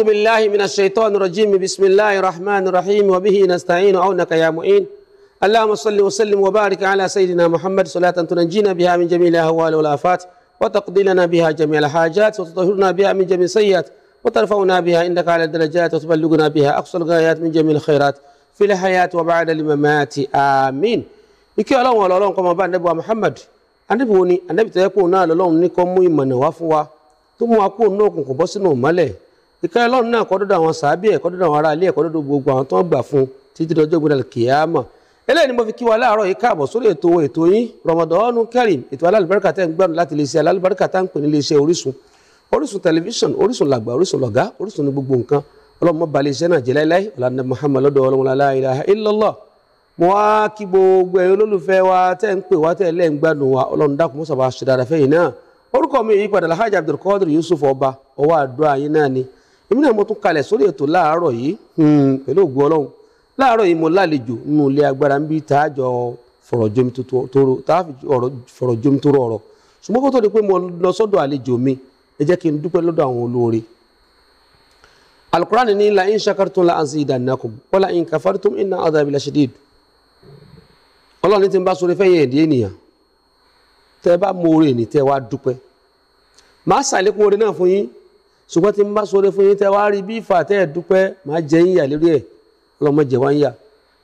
أعوذ بالله من الشيطان الرجيم بسم الله الرحمن الرحيم وبه نستعين عونك يا معين اللهم صل وسلم وبارك على سيدنا محمد صلاة تنجينا بها من جميع الأهوال والآفات وتقضي لنا بها جميع الحاجات وتطهرنا بها من جميع السيئات وترفعنا بها عندك على الدرجات وتبلغنا بها أقصى الغايات من جميع الخيرات في الحياة وبعد الممات آمين يكي ọlọ́run ọlọ́run kọ́ ọmọ bá nẹ́bùwá Muhammad anẹ́bù النبي ni نال tó yẹ kó náà lọ́lọ́run ní kọ́ mú ìmọ̀nà wá fún wa to ìkẹ́ ọlọ́run náà kọ́ dọ́dọ̀ àwọn sàábì ẹ̀ kọ́ dọ́dọ̀ àwọn ará ilé ẹ̀ kọ́ dọ́dọ̀ gbogbo àwọn tó ń gbà fún títí dọjọ́ gbọdọ̀ kìámọ̀ eléyìí ni mo fi kí wa láàárọ̀ yìí káàbọ̀ sórí ètò ètò yín Ramadan Kareem ètò alálùbáríkà tẹ́ ń gbádùn láti iléeṣẹ́ alálùbáríkà tá ń pè ní iléeṣẹ́ Orísun Orísun tẹlifíṣàn Orísun làgbà Orísun lọ̀gá Orísun ní gbogbo nǹkan ọlọ́mọ balẹ̀ iṣẹ́ náà jẹ́ láíláí ọ̀làǹdà la illallah mo wá kí gbogbo ẹ̀yin olólùfẹ́ wa wa ọlọ́run dákun mọ́sàbà ṣe dára fẹ́yìn náà orúkọ mi yìí padà Alhaji Abdulkadir Yusuf ọba ọwọ́ àdúrà yín ni èmi náà mo tún kalẹ̀ sórí ètò láàárọ̀ yìí hmm, pẹ̀lú ògùn ọlọ́run láàárọ̀ yìí mo lálejò nínú ilé agbára ń bí tààjọ fọ̀rọ̀ jomi toro fọ̀rọ̀ jomi toro ọ̀rọ̀ ṣùgbọ́n kó tó di pé mo lọ sọ́dọ̀ àlejò mi ẹ jẹ́ kí n dúpẹ́ lọ́dọ̀ àwọn olóore alukurani ni la in shakartum la azidannakum wala in kafartum inna adhabi lashadid ọlọ́run ti ń bá sọ̀rọ̀ fẹ́yìn ẹ̀dí ènìyàn tẹ́ bá mọ oore ní tẹ́ wá dúpẹ́ màá ṣàlékún oore náà fún yín ṣùgbọ́n tí n bá sọ̀rọ̀ fún yín tẹ́ wá rí bí ìfà tẹ́ ẹ̀ dúpẹ́ màá jẹ yín yà lórí ẹ̀ ọlọ́mọ jẹ wá ń yà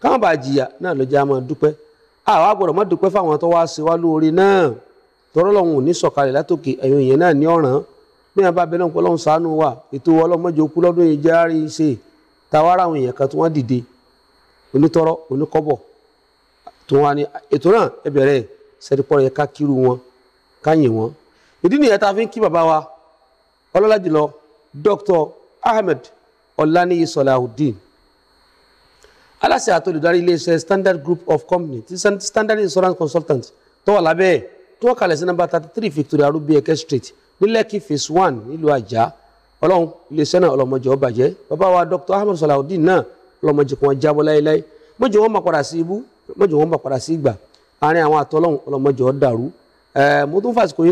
káwọn bá jìyà náà ló jẹ́ a dúpẹ́ àwa gbọ́dọ̀ má dúpẹ́ fáwọn tó wá ṣe wá lóore náà tọ́rọ́ lọ́hùn ní sọ̀kalẹ̀ látòkè ẹ̀yìn ìyẹn náà ní ọ̀ràn bí wọn bá bẹ náà pọ́lọ́hùn ṣàánú wa ètò ọlọ́mọdé okú lọ́dún yìí járí ṣe tàwárà àwọn èèyàn kan tí wọ́n dìde onítọ́rọ́ oníkọ́bọ̀ tó wà ní ètò náà ẹ bẹ̀rẹ̀ sẹ́dípọ́ yẹ ká kírú wọn ká yìn wọn ìdí nìyẹn tá a fi ń kí bàbá wa ọlọ́lá jùlọ Dr. Ahmed Ọláníyì Salahuddin aláṣẹ àti olùdarí iléeṣẹ́ Standard Group of Company ti Standard Insurance Consultants tó wà lábẹ́ ẹ̀ tó wọ́n sí nọ́mbà thirty three Victoria Eke Street ní Lekki phase one nílùú Àjà ọlọ́run iléeṣẹ́ náà ọlọ́mọjọ ọbàjẹ́ bàbá wa Dr. Ahmed Salahuddin náà ọlọ́mọjọ kan jábọ́ láéláé mọ́jọ wọn máa padà sí ibú mọ́jọ wọn máa padà sí ìgbà àárín àwọn àtọ́lọ́hún ọlọ́mọjọ dàrú mo tún fàṣìkò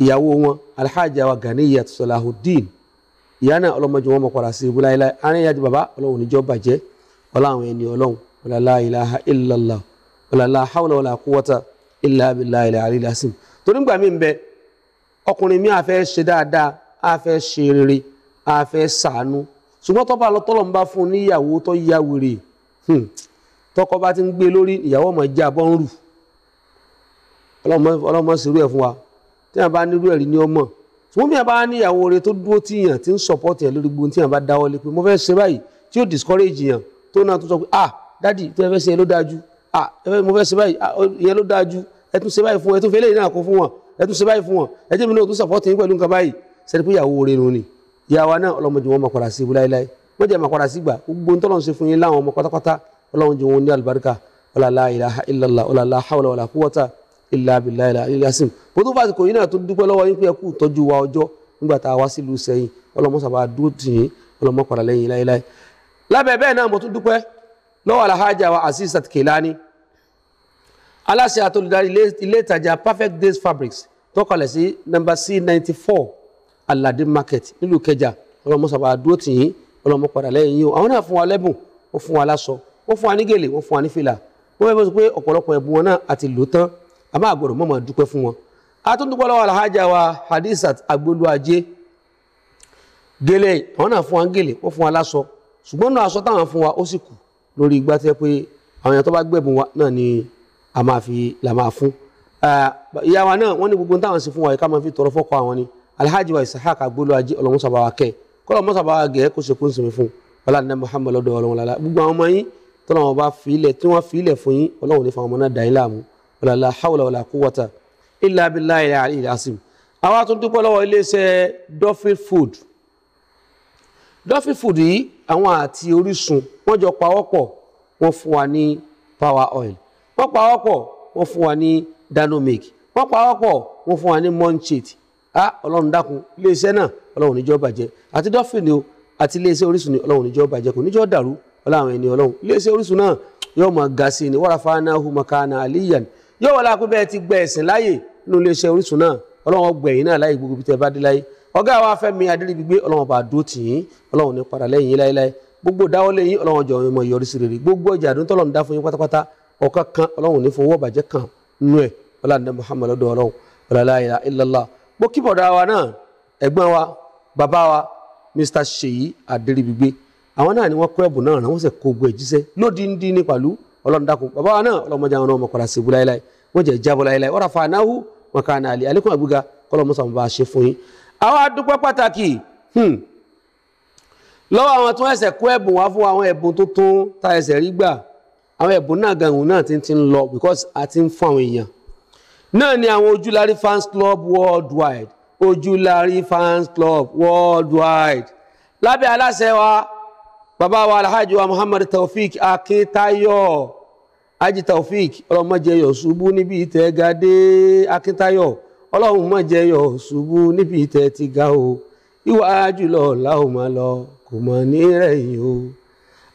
ìyàwó wọn alhaja wa ganiyat salahudeen ìyá náà ọlọ́mọdé wọn mọ̀kọ́ra sí ibú láyéláyé aráyà di bàbá ọlọ́run níjọ́ bàjẹ́ ọlá àwọn ẹni ọlọ́run wala la ilaha illallah wala la hawla wala quwwata illa billahi al-ali al-azim torí gbà mí bẹ ọkùnrin mi àfẹ́ ṣe dáadáa àfẹ́ ṣe rere àfẹ́ sàánú ṣùgbọ́n tọ́ba lọ́tọ́lọ́ ń bá fún un níyàwó tó yá wèrè hmm, tọkọ bá ti ń gbé lórí ìyàwó ọmọ ìjà bọ́ ń rù ọlọ́mọ ṣerú ẹ̀ fún wa tí yàn bá nírú ẹ̀rí ni ọmọ ṣùgbọ́n bí yàn bá ní ìyàwó rẹ tó dúró tí yàn ti ń support yàn lórí gbogbo tí yàn bá dáwọ́ lé pé mo fẹ́ ṣe báyìí tí ó discourage yàn tó náà tó sọ pé ah dádì tó ẹ fẹ́ ṣe yẹn ló dáa ah mo fẹ́ ṣe báyìí yẹn ló dáa ju ẹ tún ṣe báyìí fún ẹ tún fẹ́ lẹ́yìn náà kó fún wọn ẹ tún ṣe báyìí fún wọn ẹ jẹ́ mi náà tún support yín pẹ̀lú nǹkan báyìí sẹ́ni pé ìyàwó rẹ nù ni ìyàwó náà ọlọ́mọdé wọn máa padà sí ibú láéláé wọ́n jẹ́ máa padà sí gbà gbogbo ń tọ́lọ́run ṣe fún yín láwọn ọmọ pátápátá ọlọ́run jẹ́ wọn ní àlùbáríkà ọlọ́lá ilaha illallah ọlọ́lá hawla wàlá kúwọ́tà ilà abilà ilà yasim bó tó fàtí kò yín náà tó dúpẹ́ lọ́wọ́ yín pé ẹ kú tọ́jú wa ọjọ́ nígbà tá a wá sílùú sẹ́yìn ọlọ́mọ sábà dúró tì yín ọlọ́mọ padà lẹ́yìn láéláé lábẹ́ bẹ́ẹ̀ náà mo tún dúpẹ́ lọ́wọ́ alhaja wa Azizat Kelani aláṣẹ àtolùdarí ilé ìtajà perfect days fabrics tọkọlẹ̀ sí nọ́mbà c ninety four alade market nílùú kẹjà ọlọ́mọ sábà dúró tì yín ọlọ́mọ padà lẹ́yìn yín o àwọn náà fún wa lẹ́bùn ó fún wa a máa gbọ́dọ̀ mọ̀ máa dúpẹ́ fún wọn a tún dúpẹ́ lọ́wọ́ alhaja wa Hadizat Agbolúajé gèlè àwọn náà fún wa ń gèlè wọ́n fún wa láṣọ ṣùgbọ́n náà aṣọ táwọn fún wa ó sì kù lórí igbá tẹ́ pé àwọn èèyàn tó bá gbẹ̀bùn wa náà ni a máa fi là máa fún ìyá wa náà wọ́n ní gbogbo táwọn sì fún wa yìí ká máa fi tọrọ fọ́kọ àwọn ni alhaji wa Isahak Agbolúajé ọlọ́mọṣàbáwa kẹ́ kọ́lọ́ mọ́ṣàbáwa gẹ̀ẹ́ kó ولا لا حول ولا قوة إلا بالله العلي العظيم. al-azim àwa tó dúpẹ́ lọ́wọ́ iléeṣẹ́ Duffield Food Duffield Food yìí àwọn àti Orísun wọ́n jọ pawọ́pọ̀ wọ́n fún wa ní power oil wọ́n pawọ́pọ̀ wọ́n fún wa ní danomic wọ́n pawọ́pọ̀ wọ́n fún wa ní monchate a ọlọ́run dákun iléeṣẹ́ náà ọlọ́run níjọ́ bàjẹ́ àti Duffield ni o àti iléeṣẹ́ Orísun ni ọlọ́run níjọ́ bàjẹ́ kò níjọ́ dàrú ọlọ́run ẹni ọlọ́run iléeṣẹ́ Orísun náà yóò máa ga sí ni wàrà fáná hu makana aliyan yóò wọlé akú bẹ́ẹ̀ ti gbẹ ẹ̀sìn láàyè nínú iléeṣẹ́ Orísun náà ọlọ́run gbẹ̀yìn náà láàyè gbogbo tẹ́ bá dé láyé ọ̀gá wa Fẹ́mi Adéríbigbé ọlọ́run bá dó tì yín ọlọ́run ní padà lẹ́yìn láéláé gbogbo dáwọ́lé yín ọlọ́run jọ ọmọ ìyọrí sí rere gbogbo ọjà àdúntọ́ ọlọ́run dá fún yín pátápátá ọ̀kan kan ọlọ́run ní fowó bàjẹ́ kan nú wa náà wa Mr Ṣèyí Adéríbigbé àwọn náà ni wọ́n kó ẹ̀bùn náà rán wọ́n sì kó gbogbo ọlọ́run dákun bàbá wa náà ọlọ́mọdé àwọn ọmọ padà sí ibú láéláé wọ́n jẹ́ ìjábọ̀ láéláé wọ́n rafa anáhu wọn kà náà àlékún àgbéga kọ́lọ́mọ sàmù bá a ṣe fún yín. àwa dúpẹ́ pàtàkì hmm. lọ́wọ́ àwọn tí wọ́n ẹsẹ̀ kó ẹ̀bùn wá fún àwọn ẹ̀bùn tó tún ta ẹsẹ̀ rí gbà àwọn ẹ̀bùn náà gàngùn náà ti ti ń lọ because a ti ń fún àwọn èèyàn náà ni àwọn ojúlárí fans club worldwide ojúlárí fans club worldwide lábẹ́ aláṣẹ wa bàbá wa alhaji wa muhammad taofik akintayo Haji Taofik ọlọ́run má jẹ́ yọ̀ ṣubú níbi ìtẹ́ ga dé Akíntayọ̀ ọlọ́run má jẹ́ yọ̀ ṣubú níbi ìtẹ́ ti ga o ìwájú lọ làwọn máa lọ kò mọ̀ ní rẹ̀yìn o.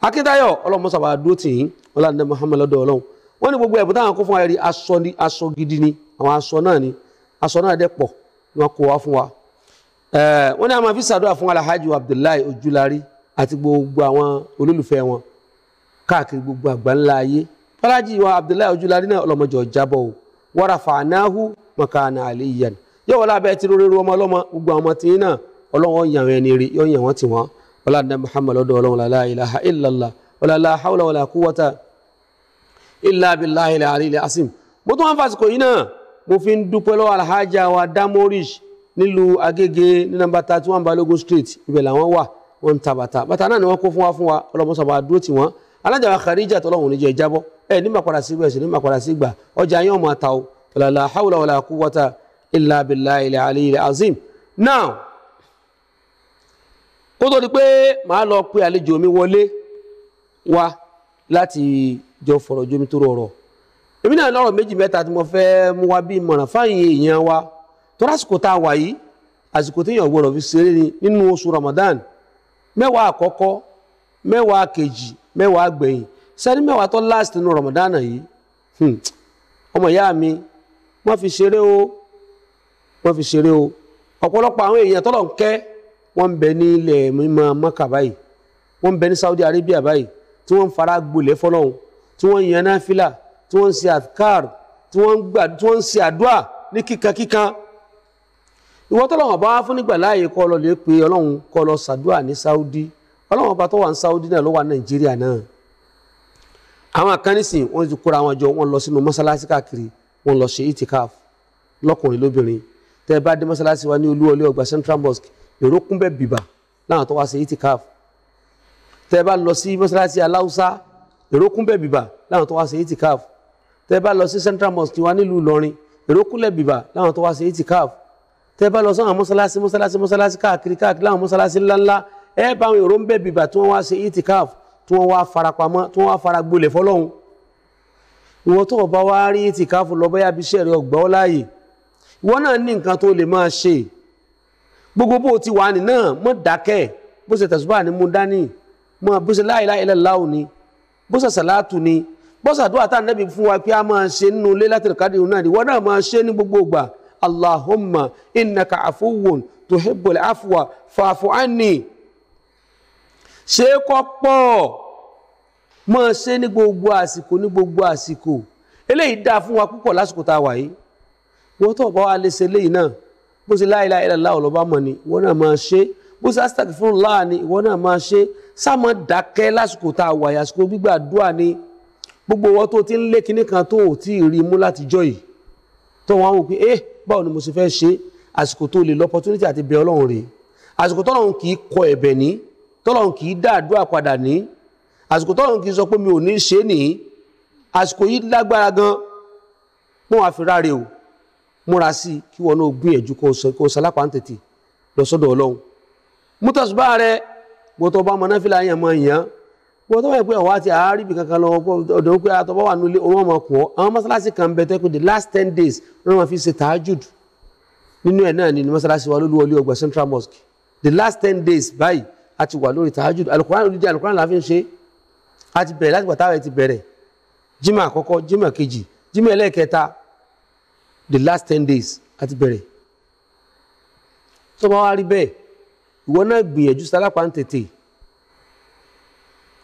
Akíntayọ̀ ọlọ́run mọ́ sábà dúró tì yín ọlọ́run dẹ́ lọ́dọ̀ ọlọ́run wọ́n ní gbogbo ẹ̀bùn táwọn kó fún wa aṣọ ni aṣọ gidi ni àwọn aṣọ náà ni aṣọ náà dẹ́ pọ̀ ni wọ́n kó wa fún wa. Eh, wọ́n ní a máa fi àwọn olólùfẹ́ káàkiri gbogbo àgbáńlá ayé faraji wa abdullahi ojulari náà ọlọmọjọ jábọ o warafa anahu makana aliyan yóò wọlé abẹ́ tí rere ọmọ ọlọ́mọ gbogbo àwọn ọmọ tí yín náà ọlọ́wọ́n yàn ẹni rí yóò yàn wọ́n tì wọ́n wọlé adé muhammadu ọdọ ọlọ́wọ́n la ilaha illallah wọlé la hawla wala quwwata illa billahi ali ilẹ̀ asim mo tún wọn fàṣikò yín náà mo fi ń dúpẹ́ lọ́wọ́ alhaja wa damorish nílùú agége ní nàmbà thirty one balogun street ibẹ̀ làwọn wà wọ́n ń ta bàtà náà ni wọ́n kó fún wa fún wa ọlọ́mọ sábà ẹ eh, ní màkàrà sí gbà ẹ sì ní màkàrà sí gbà ọjà yín ọmọ àtàwọn ọ̀làlà hawla wàlà quwwata illa billahi ilẹ̀ alẹ́ ilẹ̀ azim now kó tó di pé màá lọ pé àlejò mi wọlé wá láti jọ fọ̀rọ̀ jomi tó rọrọ̀ èmi náà lọ́rọ̀ méjì mẹ́ta tí mo fẹ́ mú wá bí ìmọ̀ràn fáyìn èèyàn wa tó lásìkò tá a wà yìí àsìkò téèyàn gbọ́dọ̀ fi ṣeré ni nínú oṣù Ramadan mẹ́wàá àkọ́kọ́ mẹ́wàá kejì mẹ́wàá gbẹ̀yìn sẹ́ni mẹ́wàá tó last nínú rọ̀mọ̀dánà yìí hmm. ọmọ ìyá mi wọ́n fi ṣeré o wọ́n fi ṣeré o ọ̀pọ̀lọpọ̀ àwọn èèyàn tọ́lọ̀ ń kẹ́ wọ́n ń bẹ ní ilẹ̀ mímọ́ mọ́kà báyìí wọ́n ń bẹ ní Saudi Arabia báyìí tí wọ́n ń fara gbolẹ̀ fọlọ́hún tí wọ́n ń yan náfìlà tí wọ́n ń ṣe àkàr tí wọ́n ń ṣe àdúà ní kíkankíkan ìwọ́n tọ́lọ̀ wọn bá wá fún nígbà láàyè kọ́ lọ lè pe ọlọ́run kọ́ lọ ṣàdúà ní Saudi ọlọ́run ọba tó ní Saudi náà ló wà Nàìjíríà náà àwọn akánísìn wọ́n ti kóra wọn jọ wọ́n lọ sínú mọ́sálásí káàkiri wọ́n lọ ṣe itikaf lọ́kùnrin lóbìnrin tẹ́ ẹ bá dé mọ́sálásí wa ní olúwọlé ọgbà central mosque èrò kún bẹ́ẹ̀ bìbà láwọn tó wá ṣe itikaf tẹ́ ẹ bá lọ sí mọ́sálásí aláùsá èrò kún bẹ́ẹ̀ bìbà láwọn tó wá ṣe itikaf tẹ́ bá lọ sí central mosque wa nílùú ìlọrin èrò kúnlẹ̀ bìbà láwọn tó wá ṣe itikaf tẹ́ ẹ bá lọ sọ́nà mọ́sálásí mọ́sálásí mọ́sálásí káàkiri káàkiri láwọn mọ́sálásí ńláńlá ẹ bá àwọn èrò ń bẹ́ẹ̀ bìbà tí wọ́n wá ṣe itikaf tí wọ́n wá farapamọ́ tí wọ́n wá faragbolẹ̀ fọ́lọ́hun ìwọ́n tó ọba wá rí ìtìkáfù lọ bóyá abiṣẹ́ rẹ ọgbà ọ láàyè ìwọ́n náà ní nǹkan tó lè máa ṣe gbogbo bó ti wà ní náà mọ́ dákẹ́ bó ṣe tẹ̀sùbà ní mú dání mọ́ bó ṣe la ilaha illallah ni bó ṣe afuwun tuhibbul afwa fa'fu anni ṣe kọ́ pọ̀ mọ́ ṣe ní gbogbo àsìkò ní gbogbo àsìkò eléyìí dáa fún wa púpọ̀ lásìkò tá a wà yìí wọ́n tó bá wa lè ṣe eléyìí náà bó ṣe la ilaha illallah lọ́ba mọ̀ ni ìwọ náà máa ṣe bó ṣe astaghfirullah ni ìwọ náà máa ṣe sáàmọ́ dákẹ́ lásìkò tá a wà yìí àsìkò gbígbàdúrà ni gbogbo wọn tó ti ń lé kinní kan tó ò tí ì rí mú látijọ́ yìí tó wọn wò pé eh báwo ni mo ṣe fẹ́ ṣe àsìkò tó lè lọ́pọ̀tunítì àti bẹ Ọlọ́run tọ́lọ́run kì í dá àdúrà padà ní àsìkò tọ́lọ́run kì í sọ pé mi ò ní ṣe é nìyí àsìkò yìí lágbára gan mọ́ wàá fi ráre o múra sí i kí wọn náà gbìyànjú kó sọ kó sálápá ń tètè lọ sọ́dọ̀ ọlọ́run mútàṣùbà rẹ gbọ́tọ̀ bá ọmọ náfìlà yẹn mọ ìyàn gbọ́tọ̀ bá yẹ pé ọ̀wá àti àáríbi kankan lọ ọ̀dọ̀ pé àtọ̀ bá wà nílé òun ọmọ kùn ọ́ àwọn mọ́sálásí kan bẹ tẹ́kùn the last ten days wọ́n máa fi ṣe tààjùd nínú ẹ̀ náà ni mọ́sálásí wa lóluwọlé ọgbà Central Mosque the last ten days báyìí a ti wà lórí tahajud alukurani olùdí alukurani la fi ń ṣe a ti bẹ̀rẹ̀ láti gbàtà rẹ̀ ti bẹ̀rẹ̀ jimá àkọ́kọ́ jimá kejì jimá ẹlẹ́ẹ̀kẹta the last ten days a ti bẹ̀rẹ̀ tó bá wá rí bẹ́ẹ̀ ìwọ náà gbìyànjú sálápá ń tètè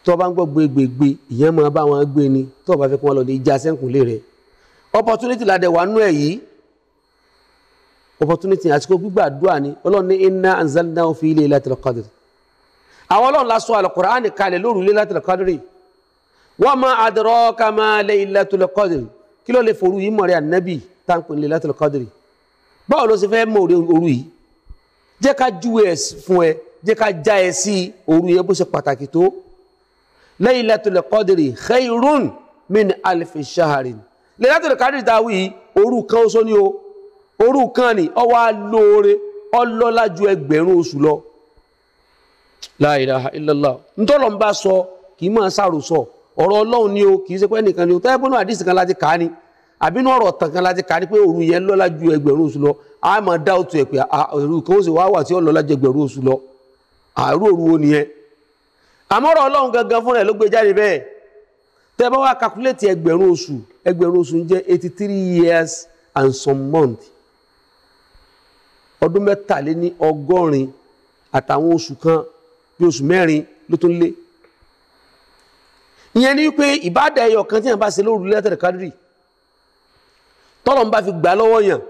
tó bá ń gbọ́ gbégbégbé ìyẹn máa bá wọn gbé ni tó bá fẹ́ kí lọ lè já sẹ́ǹkùnlé rẹ̀ opportunity la dẹ̀ wà nú ẹ̀ yìí opportunity àsìkò gbígbàdúrà ni ọlọ́run ní inna anzalnahu fi laylatil qadr àwọn ọlọ́run la sọ alukur'ani kalẹ̀ lóru Laylatul Qadri wa ma adraka ma Laylatul Qadri kí ló lè forú yìí mọ̀rẹ́ ànábì táǹpẹ̀ Laylatul Qadri báwo ló ṣe fẹ́ mọ̀ òru yìí jẹ́ ká júwe ẹ̀ fún ẹ jẹ́ ká já ẹ sí òru yẹn bó ṣe pàtàkì tó Laylatul Qadri khayrun min alfi shahrin Laylatul Qadri ta wí òru kan ó sọ ní o òru kan ni ó wà lóore ọlọ́lá ju ẹgbẹ̀rún oṣù lọ la ilaha illallah ntọ́lọ̀ ń sọ kì í máa sọ ọ̀rọ̀ ọlọ́run ni o kì í pé ni o tẹ́lẹ̀ bọ́nú àdìsí kan láti kàá ni àbínú ọ̀rọ̀ tàn kan láti kàá pé òru yẹn lọ́la ju ẹgbẹ̀rún oṣù lọ a máa dá òtún ẹ̀ pé kan ó sì wá wà tí ó ju ẹgbẹ̀rún oṣù lọ òru wo nìyẹn gangan fúnra bí oṣù mẹ́rin ló tó ń lé ìyẹn ni wípé ìbáàdà ẹyọ kan tí yàn bá ṣe lóru lẹ́tẹ̀rẹ̀ kádìrì tọ́lọ̀ ń bá fi gbà lọ́wọ́ yàn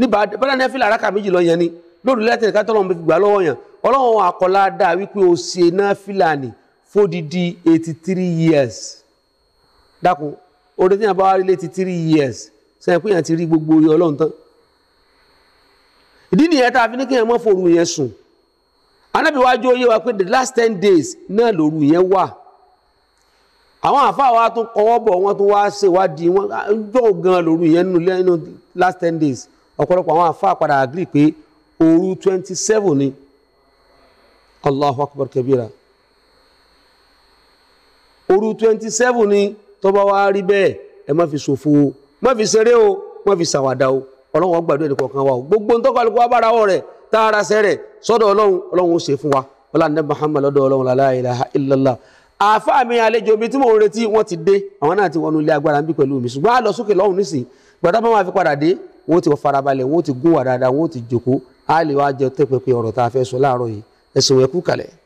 níbà bọ́dà ní ẹ́fílà àràkà méjì lọ yẹn ni lóru lẹ́tẹ̀rẹ̀ ká tọ́lọ̀ ń bá fi gbà lọ́wọ́ yàn ọlọ́run àkọlá dáa wípé o ṣe náà fílàní fódìdí eighty three years dákun orí tí yàn bá wá rí eighty three years sẹ́yìn pé yàn ti rí gbogbo ọlọ́run tán ìdí nìyẹn tá a fi ní kí yàn mọ́ fòru yẹn sùn anábì wá wa pé the last ten days náà lòru yẹn wà àwọn àfáà wa tún kọwọ́ bọ̀ wọ́n tún wá ṣèwádìí wọ́n jọ gan lòru yẹn nínú last ten days ọ̀pọ̀lọpọ̀ àwọn àfáà padà agree pé òru twenty seven ni allahu akbar kabira òru twenty seven ni tó wa wá rí bẹ́ẹ̀ ẹ má fi ṣòfò o má fi ṣeré o má fi ṣàwàdà o ọlọ́wọ́n gbàdúrà ẹnì kọ̀ọ̀kan wa o gbogbo ntọ́kọ̀lùkọ́ wa bára wọ̀ rẹ̀ tààrà sẹ́rẹ̀ sọ́dọ̀ ọlọ́run ọlọ́run ó ṣe fún wa wọ́n láǹdẹ́ Muhammad lọ́dọ̀ ọlọ́run la ilaha illallah àáfàá mi àlejò mi tí mò ń retí wọ́n ti dé àwọn náà ti wọnú ilé agbára ń bí pẹ̀lú mi ṣùgbọ́n a lọ sókè lọ́hùn nísìn gbọ́dọ̀ bá wọn fi padà dé wọ́n ti farabalẹ̀ wọ́n ti gún wà dáadáa wọ́n ti jòkó a lè tẹ́pẹ́pẹ́ ọ̀rọ̀ tá a fẹ́ sọ láàárọ̀ yìí ẹ̀sùn ẹ̀kú kalẹ̀.